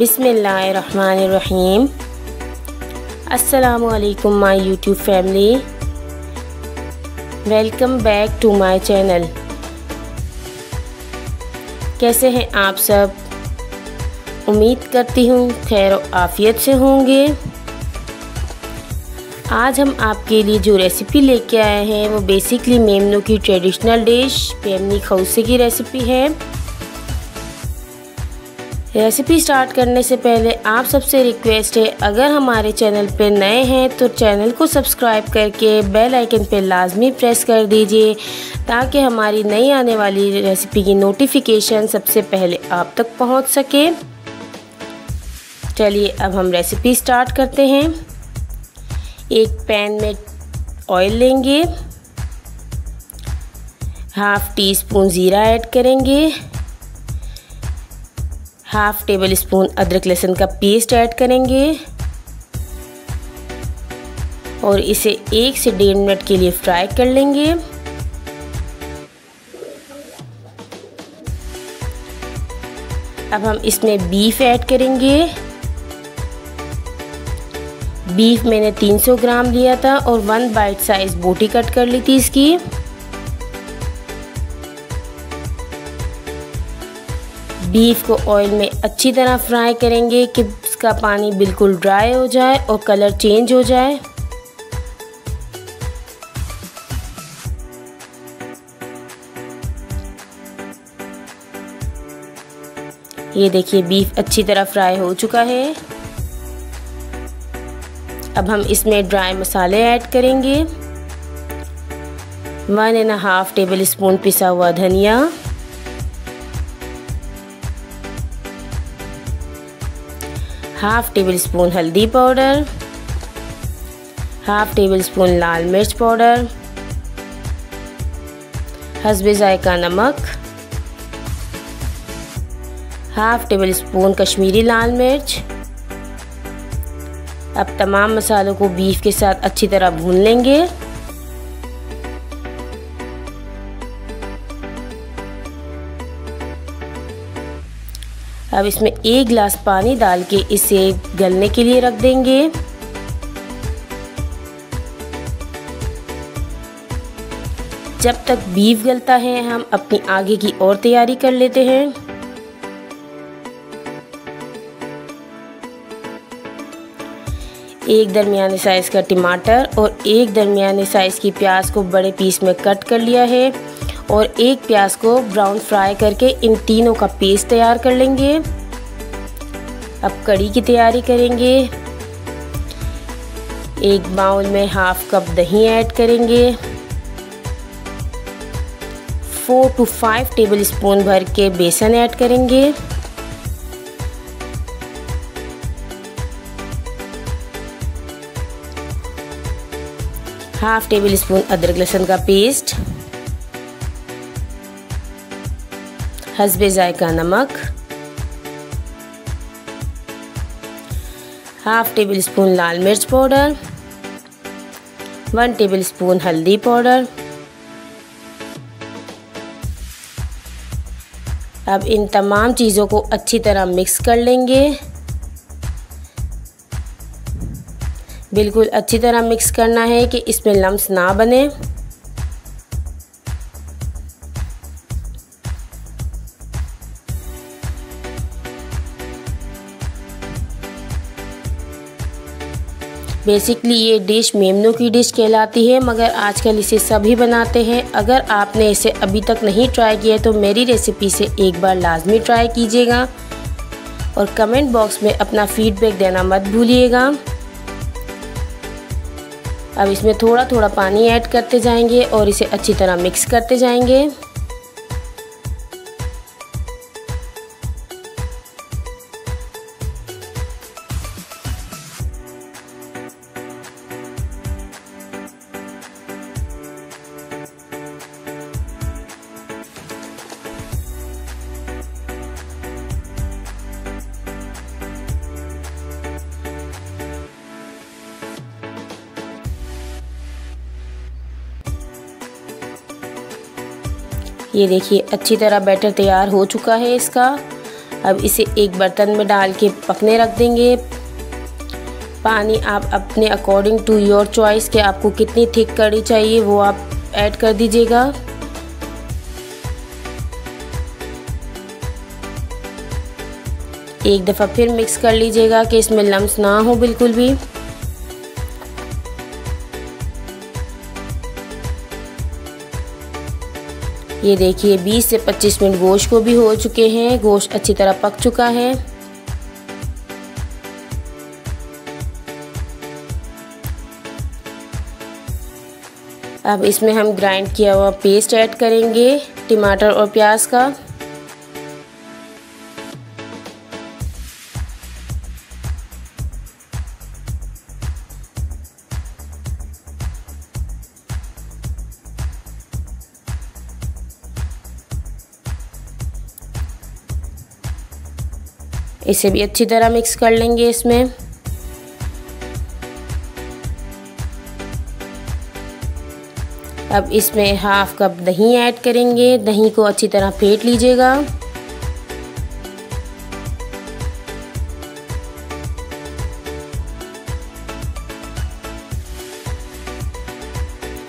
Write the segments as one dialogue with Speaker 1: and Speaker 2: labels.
Speaker 1: बिसमीम अल्लाम my YouTube family welcome back to my channel कैसे हैं आप सब उम्मीद करती हूँ खैर आफियत से होंगे आज हम आपके लिए जो रेसिपी लेके आए हैं वो बेसिकली मेमनों की ट्रेडिशनल डिश पेमनी खौसे की रेसिपी है रेसिपी स्टार्ट करने से पहले आप सबसे रिक्वेस्ट है अगर हमारे चैनल पर नए हैं तो चैनल को सब्सक्राइब करके बेल आइकन पर लाजमी प्रेस कर दीजिए ताकि हमारी नई आने वाली रेसिपी की नोटिफिकेशन सबसे पहले आप तक पहुंच सके चलिए अब हम रेसिपी स्टार्ट करते हैं एक पैन में ऑयल लेंगे हाफ़ टी स्पून ज़ीरा ऐड करेंगे हाफ टेबल स्पून अदरक लहसुन का पेस्ट ऐड करेंगे और इसे एक से डेढ़ मिनट के लिए फ्राई कर लेंगे अब हम इसमें बीफ ऐड करेंगे बीफ मैंने 300 ग्राम लिया था और वन बाइट साइज बोटी कट कर ली थी इसकी बीफ को ऑयल में अच्छी तरह फ्राई करेंगे कि इसका पानी बिल्कुल ड्राई हो जाए और कलर चेंज हो जाए ये देखिए बीफ अच्छी तरह फ्राई हो चुका है अब हम इसमें ड्राई मसाले ऐड करेंगे one and half tablespoon पिसा हुआ धनिया हाफ टेबल स्पून हल्दी पाउडर हाफ टेबल स्पून लाल मिर्च पाउडर हसबे ज़ायका नमक हाफ टेबल स्पून कश्मीरी लाल मिर्च अब तमाम मसालों को बीफ के साथ अच्छी तरह भून लेंगे अब इसमें एक गिलास पानी डाल के इसे गलने के लिए रख देंगे जब तक बीफ गलता है हम अपनी आगे की और तैयारी कर लेते हैं एक दरमियाने साइज़ का टमाटर और एक दरमियाने साइज़ की प्याज को बड़े पीस में कट कर लिया है और एक प्याज को ब्राउन फ्राई करके इन तीनों का पेस्ट तैयार कर लेंगे अब कड़ी की तैयारी करेंगे एक बाउल में हाफ कप दही ऐड करेंगे four to five tablespoon भर के बेसन ऐड करेंगे हाफ टेबल स्पून अदरक लहसुन का पेस्ट हसबे ज़ायका नमक हाफ टेबल स्पून लाल मिर्च पाउडर वन टेबल स्पून हल्दी पाउडर अब इन तमाम चीज़ों को अच्छी तरह मिक्स कर लेंगे बिल्कुल अच्छी तरह मिक्स करना है कि इसमें लम्स ना बने बेसिकली ये डिश मेमनों की डिश कहलाती है मगर आजकल इसे सभी बनाते हैं अगर आपने इसे अभी तक नहीं ट्राई किया है तो मेरी रेसिपी से एक बार लाजमी ट्राई कीजिएगा और कमेंट बॉक्स में अपना फीडबैक देना मत भूलिएगा अब इसमें थोड़ा थोड़ा पानी ऐड करते जाएंगे और इसे अच्छी तरह मिक्स करते जाएंगे ये देखिए अच्छी तरह बैटर तैयार हो चुका है इसका अब इसे एक बर्तन में डाल के पकने रख देंगे पानी आप अपने अकॉर्डिंग टू योर चॉइस के आपको कितनी थिक कड़ी चाहिए वो आप ऐड कर दीजिएगा एक दफ़ा फिर मिक्स कर लीजिएगा कि इसमें लम्स ना हो बिल्कुल भी ये देखिए 20 से 25 मिनट गोश्त को भी हो चुके हैं गोश्त अच्छी तरह पक चुका है अब इसमें हम ग्राइंड किया हुआ पेस्ट ऐड करेंगे टमाटर और प्याज का इसे भी अच्छी तरह मिक्स कर लेंगे इसमें अब इसमें हाफ कप दही ऐड करेंगे दही को अच्छी तरह फेंट लीजिएगा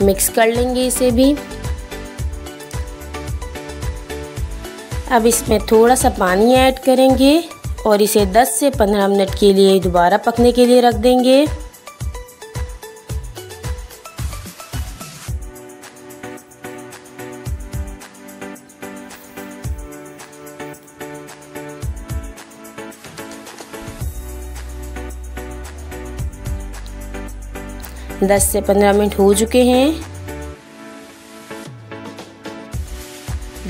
Speaker 1: मिक्स कर लेंगे इसे भी अब इसमें थोड़ा सा पानी ऐड करेंगे और इसे 10 से 15 मिनट के लिए दोबारा पकने के लिए रख देंगे दस से पंद्रह मिनट हो चुके हैं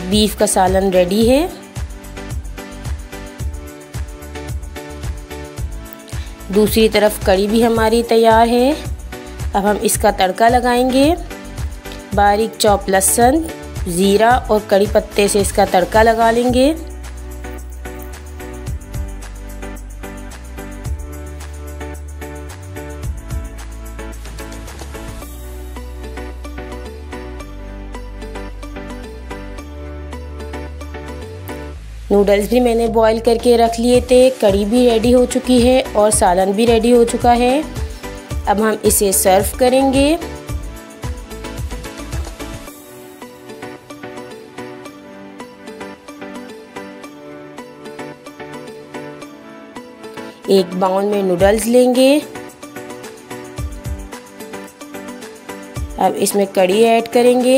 Speaker 1: बीफ का सालन रेडी है दूसरी तरफ कड़ी भी हमारी तैयार है अब हम इसका तड़का लगाएंगे बारीक चौप लहसुन ज़ीरा और कड़ी पत्ते से इसका तड़का लगा लेंगे नूडल्स भी मैंने बॉईल करके रख लिए थे कड़ी भी रेडी हो चुकी है और सालन भी रेडी हो चुका है अब हम इसे सर्व करेंगे एक बाउल में नूडल्स लेंगे अब इसमें कड़ी ऐड करेंगे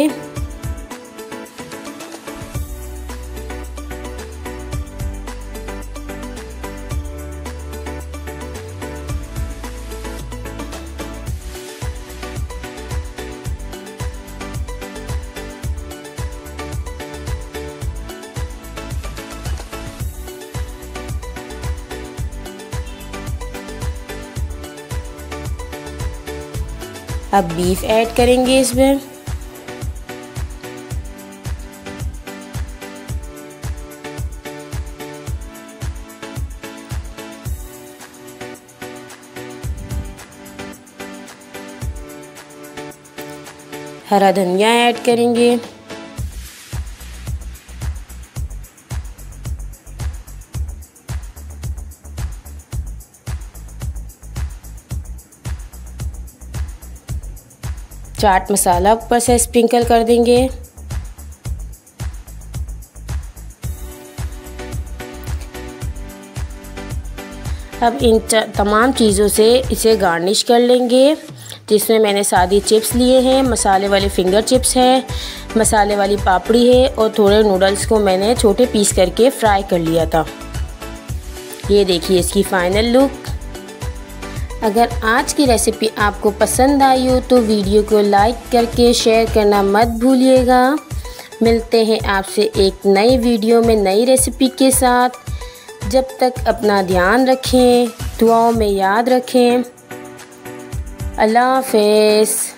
Speaker 1: अब बीफ ऐड करेंगे इसमें हरा धनिया ऐड करेंगे चाट मसाला ऊपर से स्प्रिंकल कर देंगे अब इन तमाम चीज़ों से इसे गार्निश कर लेंगे जिसमें मैंने सादी चिप्स लिए हैं मसाले वाले फिंगर चिप्स हैं मसाले वाली पापड़ी है और थोड़े नूडल्स को मैंने छोटे पीस करके फ्राई कर लिया था ये देखिए इसकी फ़ाइनल लुक अगर आज की रेसिपी आपको पसंद आई हो तो वीडियो को लाइक करके शेयर करना मत भूलिएगा मिलते हैं आपसे एक नई वीडियो में नई रेसिपी के साथ जब तक अपना ध्यान रखें दुआओं में याद रखें अल्लाह हाफ